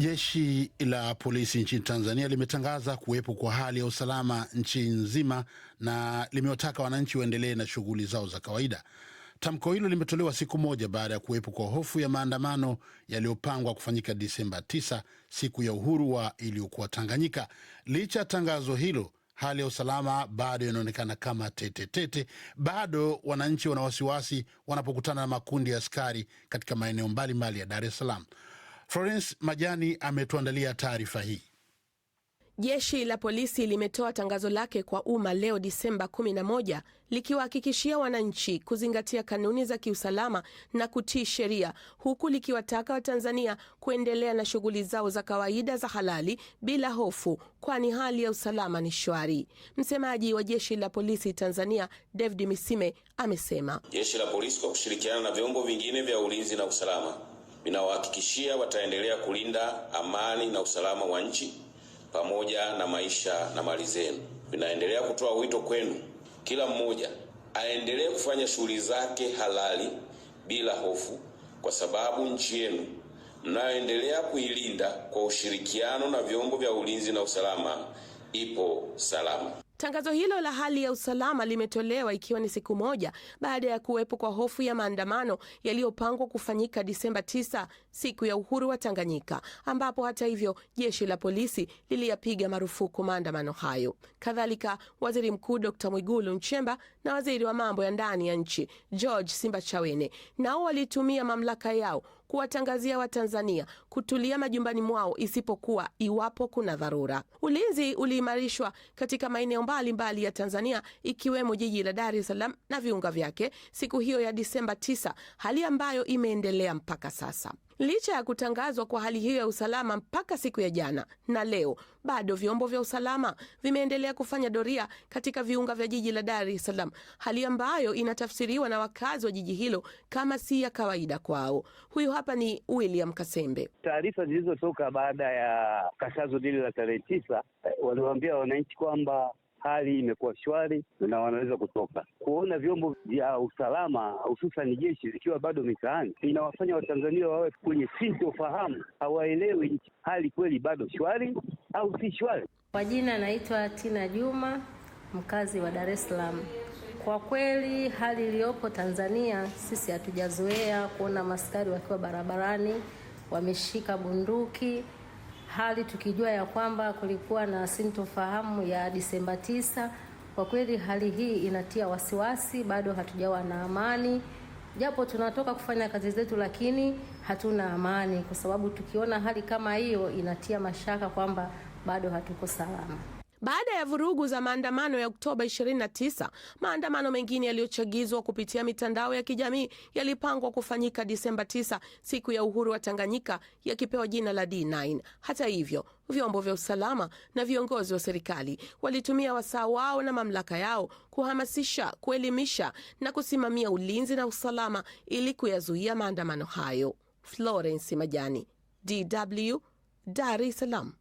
Jeshi la polisi nchini Tanzania limetangaza kuwepo kwa hali ya usalama nchi nzima na limewataka wananchi waendelee na shughuli zao za kawaida. Tamko hilo limetolewa siku moja baada ya kuwepo kwa hofu ya maandamano yaliyopangwa kufanyika Disemba 9, siku ya uhuru wa iliyokuwa Tanganyika. Licha ya tangazo hilo, hali ya usalama bado inaonekana kama tetetete tete. Bado wananchi wana wasiwasi wanapokutana na makundi ya askari katika maeneo mbalimbali ya Dar es Salaam. Florence Majani ametuandalia taarifa hii. Jeshi la polisi limetoa tangazo lake kwa umma leo Disemba 11 likiwahakikishia wananchi kuzingatia kanuni za kiusalama na kutii sheria, huku likiwataka Watanzania kuendelea na shughuli zao za kawaida za halali bila hofu, kwani hali ya usalama ni shwari. Msemaji wa jeshi la polisi Tanzania, David Misime, amesema jeshi la polisi kwa kushirikiana na vyombo vingine vya ulinzi na usalama Ninawahakikishia wataendelea kulinda amani na usalama wa nchi pamoja na maisha na mali zenu. Ninaendelea kutoa wito kwenu, kila mmoja aendelee kufanya shughuli zake halali bila hofu, kwa sababu nchi yenu mnayoendelea kuilinda kwa ushirikiano na vyombo vya ulinzi na usalama ipo salama. Tangazo hilo la hali ya usalama limetolewa ikiwa ni siku moja baada ya kuwepo kwa hofu ya maandamano yaliyopangwa kufanyika Disemba 9, siku ya uhuru wa Tanganyika, ambapo hata hivyo jeshi la polisi liliyapiga marufuku maandamano hayo. Kadhalika, Waziri Mkuu Dkt Mwigulu Nchemba na waziri wa mambo ya ndani ya nchi George Simbachawene nao walitumia mamlaka yao kuwatangazia Watanzania kutulia majumbani mwao isipokuwa iwapo kuna dharura. Ulinzi uliimarishwa katika maeneo mbalimbali mbali ya Tanzania ikiwemo jiji la Dar es Salaam na viunga vyake siku hiyo ya Disemba 9, hali ambayo imeendelea mpaka sasa. Licha ya kutangazwa kwa hali hiyo ya usalama mpaka siku ya jana na leo, bado vyombo vya usalama vimeendelea kufanya doria katika viunga vya jiji la Dar es Salaam, hali ambayo inatafsiriwa na wakazi wa jiji hilo kama si ya kawaida kwao. Huyu hapa ni William Kasembe. Taarifa zilizotoka baada ya katazo lile la tarehe tisa, eh, waliwaambia wananchi kwamba hali imekuwa shwari na wanaweza kutoka. Kuona vyombo vya usalama hususan jeshi vikiwa bado mitaani inawafanya Watanzania wawe kwenye sintofahamu, hawaelewi hali kweli bado shwari au si shwari. Kwa jina naitwa Tina Juma, mkazi wa Dar es Salaam. Kwa kweli hali iliyopo Tanzania, sisi hatujazoea kuona maskari wakiwa barabarani wameshika bunduki, hali tukijua ya kwamba kulikuwa na sintofahamu ya Disemba tisa. Kwa kweli hali hii inatia wasiwasi, bado hatujawa na amani japo tunatoka kufanya kazi zetu, lakini hatuna amani, kwa sababu tukiona hali kama hiyo inatia mashaka kwamba bado hatuko salama. Baada ya vurugu za maandamano ya Oktoba 29, maandamano mengine yaliyochagizwa kupitia mitandao ya kijamii yalipangwa kufanyika Disemba 9, siku ya uhuru wa Tanganyika, yakipewa jina la D9. Hata hivyo, vyombo vya usalama na viongozi wa serikali walitumia wasaa wao na mamlaka yao kuhamasisha, kuelimisha na kusimamia ulinzi na usalama ili kuyazuia maandamano hayo. Florence Majani, DW, Dar es Salaam.